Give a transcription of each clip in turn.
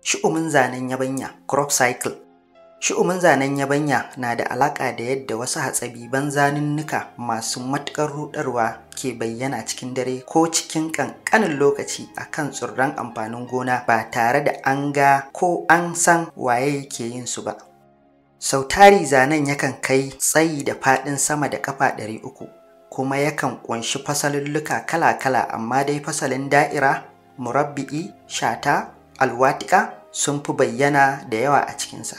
Shi'umin zanen yabanya crop cycle Shi'umin zanen yabanya na da alaƙa da yadda wasu hatsabiban zanunnuka masu matuƙar rudarwa ke bayyana cikin dare ko cikin ƙanƙanin lokaci a kan tsirran amfanin gona ba tare da an ga ko an san waye ke yin su ba. Sau tari zanen yakan kai tsayi da faɗin sama da ƙafa ɗari uku kuma yakan ƙunshi fasalulluka kala-kala amma dai fasalin da'ira, murabbi'i, shata, alwatika sun fi bayyana da yawa a cikinsa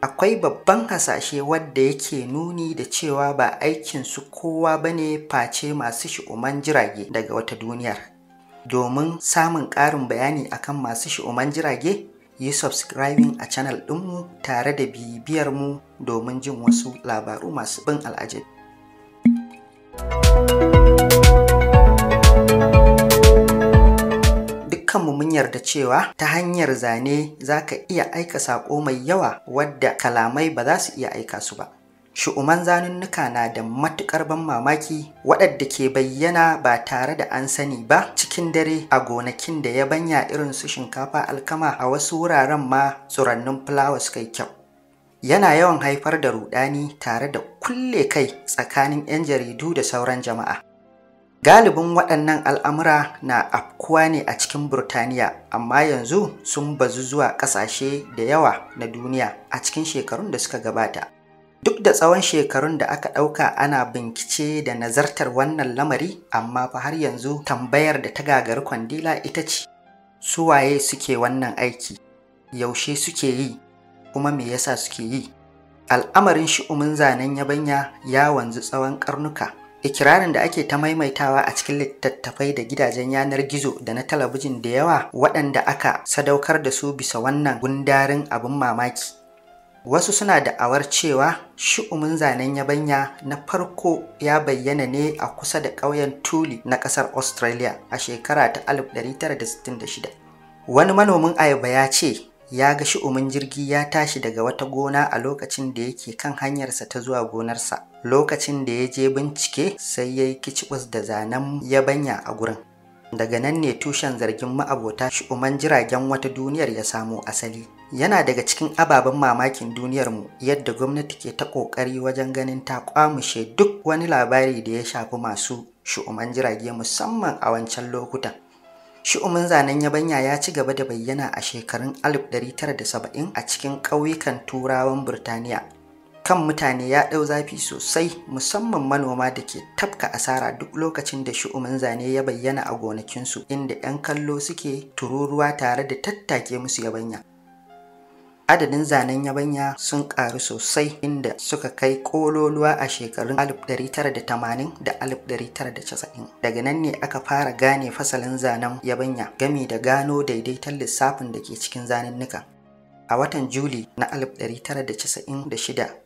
akwai babban hasashe wadda yake nuni da cewa ba aikinsu kowa ba ne face masu shi'uman jirage daga wata duniyar domin samun ƙarin bayani akan masu shi'uman jirage yi subscribing a channel ɗinmu tare da bibiyar mu domin jin wasu labaru masu bin al'ajabi. mu mun yarda cewa ta hanyar zane za ka iya aika saƙo mai yawa wadda kalamai ba za su iya aika su ba. Shu'uman zanunnuka na da matuƙar ban mamaki waɗanda ke bayyana ba tare da an sani ba cikin dare a gonakin da ya banya irin su shinkafa alkama a wasu wuraren ma tsurannin fulawa suka kyau. Yana yawan haifar da ruɗani tare da kulle kai tsakanin 'yan jaridu da sauran jama'a. Galibin waɗannan al'amura na afkuwa ne a cikin Burtaniya, amma yanzu sun bazu zuwa ƙasashe da yawa na duniya a cikin shekarun da suka gabata. Duk da tsawon shekarun da aka ɗauka ana bincike da nazartar wannan lamari, amma fa har yanzu tambayar da ta gagari kwandila ita ce, Su waye suke wannan aiki, yaushe suke yi, kuma me yasa suke yi. Al'amarin shi'umin zanen yabanya ya wanzu tsawon karnuka. ikirarin da ake ta maimaitawa a cikin littattafai da gidajen yanar gizo da na talabijin da yawa waɗanda aka sadaukar da su bisa wannan gundarin abin mamaki wasu suna da awar cewa shi'umin zanen yabanya na farko ya bayyana ne a kusa da ƙauyen tuli na ƙasar australia a shekara ta 1966 wani manomin ayaba ya ce ya ga shi'umin jirgi ya tashi daga wata gona a lokacin da yake kan hanyarsa ta zuwa gonarsa lokacin da ya je bincike sai ya yi kicibus da zanen yabanya a gurin daga nan ne tushen zargin ma'abota shi'uman jiragen wata duniyar ya samo asali yana daga cikin ababen mamakin duniyar mu, yadda gwamnati ke ta ƙoƙari wajen ganin ta kwamushe duk wani labari da ya shafi masu shi'uman jirage musamman a wancan lokutan shi'umin zanen yabanya ya ci gaba da bayyana a shekarun 1970 a cikin ƙauyukan turawan burtaniya kan mutane ya ɗau zafi sosai musamman manoma da ke tafka asara duk lokacin da shu'umin zane ya bayyana a gonakinsu inda 'yan kallo suke tururuwa tare da tattake musu yabanya. Adadin zanen yabanya sun ƙaru sosai inda suka kai ƙololuwa a shekarun 1980 da 1990. Daga nan ne aka fara gane fasalin zanen yabanya gami da gano daidaiton lissafin da ke cikin zanennuka. A watan Juli na 1996,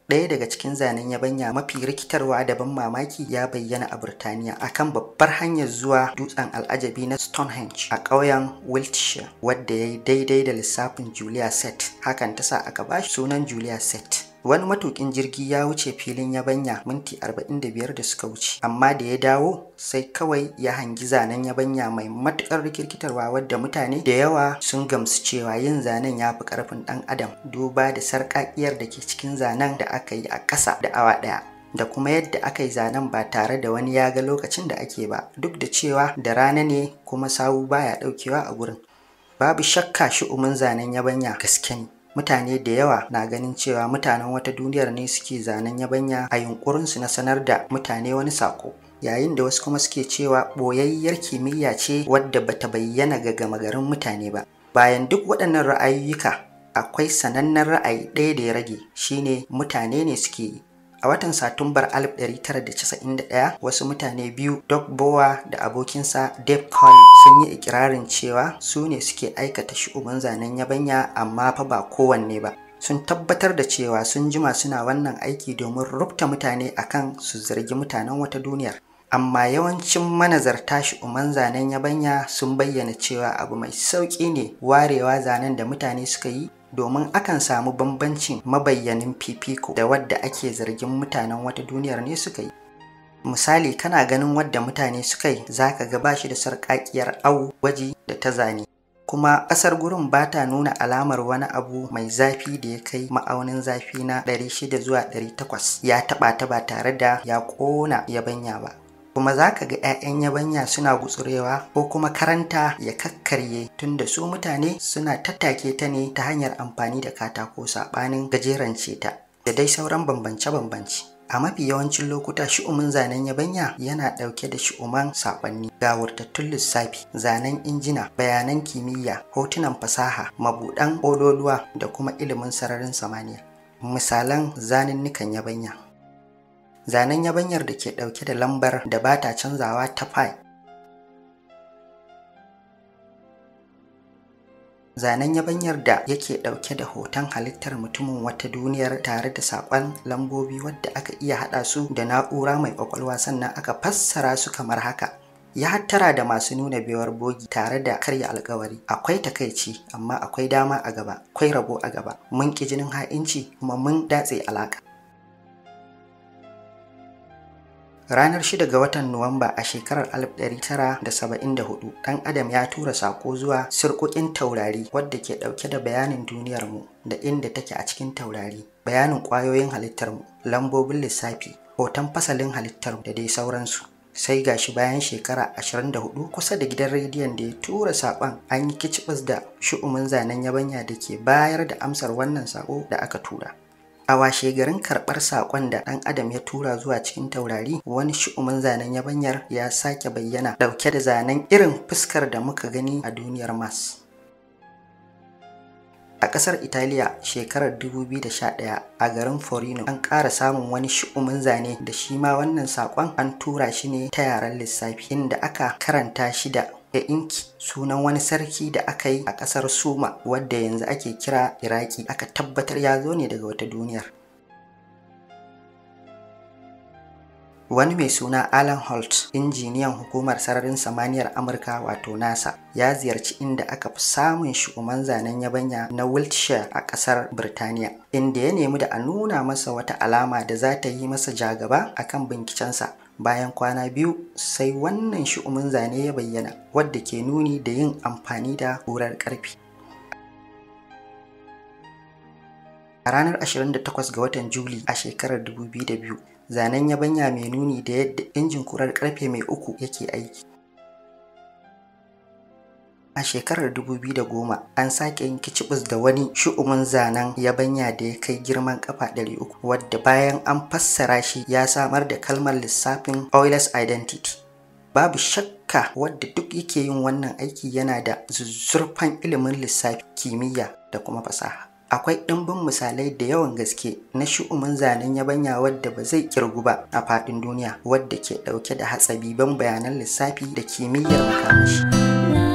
ɗaya daga cikin zanen yabanya mafi rikitarwa da ban mamaki ya bayyana a Burtaniya kan babbar hanyar zuwa dutsen al'ajabi na Stonehenge a ƙauyen Wiltshire, wadda ya yi daidai da lissafin Julia Set. Hakan ta sa aka ba shi sunan Julia Set. Wani matukin jirgi ya wuce filin yabanya minti 45 da suka wuce, amma da ya dawo sai kawai ya hangi zanen yabanya mai matukar rikirkitarwa wadda mutane da yawa sun gamsu cewa yin zanen ya fi karfin dan adam duba da sarƙaƙiyar da ke cikin zanen da aka yi a ƙasa da awa ɗaya. da kuma yadda aka yi zanen ba tare da wani ya ga lokacin da ake ba duk da cewa da rana ne kuma sawu baya daukewa a gurin babu shakka shi shi'umin zanen yabanya gaske ne mutane da yawa na ganin cewa mutanen wata duniyar ne suke zanen yabanya a yunkurinsu na sanar da mutane wani sako yayin da wasu kuma suke cewa ɓoyayyar kimiyya ce wadda bata bayyana ga gama garin mutane ba bayan duk waɗannan ra'ayoyika akwai sanannen ra'ayi ɗaya da ya rage shine mutane ne suke A watan Satumbar 1991 wasu mutane biyu Dog Bowa da abokinsa Dave Colley sun yi ikirarin cewa su ne suke aikata shugaban zanen yabanya amma fa ba kowanne ba. Sun tabbatar da cewa sun jima suna wannan aiki domin rubta mutane akan su zargi mutanen wata duniyar. amma yawancin manazarta shi uman zanen yabanya sun bayyana cewa abu mai sauƙi ne warewa zanen da mutane suka yi domin akan samu bambancin mabayyanin fifiko da wadda ake zargin mutanen wata duniyar ne suka yi misali kana ganin wadda mutane suka yi za ka ga bashi da sarƙaƙiyar au gwaji da ta zane kuma ƙasar gurin ba ta nuna alamar wani abu mai zafi da ya kai ma'aunin zafi na 600 zuwa 800 ya taɓa ta ba tare da ya ƙona yabanya ba kuma za ka ga 'ya'yan yabanya suna gutsurewa ko kuma karanta ya kakkarye tunda su mutane suna tattake ta ne ta hanyar amfani da katako saɓanin gajerance ta da dai sauran bambance-bambance a mafi yawancin lokuta shi'umin zanen yabanya yana ɗauke da shi'uman saƙonni gawurtattun lissafi zanen injina bayanan kimiyya hotunan fasaha mabuɗan ƙololuwa da kuma ilimin sararin samaniya misalan zanen nikan yabanya zanen yabanyar da ke ɗauke da lambar da ba ta canzawa ta pi zanen yabanyar da yake ɗauke da hoton halittar mutumin wata duniyar tare da saƙon lambobi wadda aka iya haɗa su da na'ura mai ƙwaƙwalwa sannan aka fassara su kamar haka ya hattara da masu nuna bewar bogi tare da karya alkawari akwai takaici amma akwai dama a gaba akwai rabo a gaba mun ƙi jinin ha'inci kuma mun datse alaka Ranar 6 ga watan Nuwamba a shekarar 1974, ɗan Adam ya tura saƙo zuwa sirƙoƙin taurari wadda ke ɗauke da bayanin duniyarmu da inda take a cikin taurari, bayanin ƙwayoyin halittarmu, lambobin lissafi, hoton fasalin halittarmu da dai sauransu. Sai gashi bayan shekara 24 kusa da gidan rediyon da ya tura saƙon an yi kicibas da shu'umin zanen yabanya da ke bayar da amsar wannan saƙo da aka tura. A washe garin karɓar saƙon da ɗan Adam ya tura zuwa cikin taurari wani shi'umin zanen yabanyar ya sake bayyana ɗauke da zanen irin fuskar da muka gani a duniyar Mars. A ƙasar Italiya shekarar 2011 a garin Forino an ƙara samun wani shi'umin zane da shi ma wannan saƙon an tura shi ne ta yaren lissafi inda aka karanta shi da ya inki sunan wani sarki da aka yi a ƙasar suma wadda yanzu ake kira iraki aka tabbatar ya zo ne daga wata duniyar wani mai suna alan holt injiniyan hukumar sararin samaniyar amurka wato nasa ya ziyarci inda aka fi samun shugaban zanen yabanya na wiltshire a kasar birtaniya inda ya nemi da a nuna masa wata alama da za ta yi masa jagaba akan bincikensa bayan kwana biyu sai wannan shi'umin zane ya bayyana wadda ke nuni da yin amfani da kurar karfi a ranar 28 ga watan juli a shekarar 2002 zanen yabanya mai nuni da yadda injin kurar karfe mai uku yake aiki A shekarar 2010 an sake yin kicibis da wani shu'umin zanen yabanya da ya kai girman kafa 300 wadda bayan an fassara shi ya samar da kalmar lissafin oilers identity. Babu shakka wadda duk yake yin wannan aiki yana da zuzzurfan ilimin lissafi kimiyya da kuma fasaha. Akwai ɗimbin misalai da yawan gaske na shu'umin zanen yabanya wadda ba zai kirgu ba a faɗin duniya wadda ke ɗauke da ban bayanan lissafi da kimiyyar makamashi.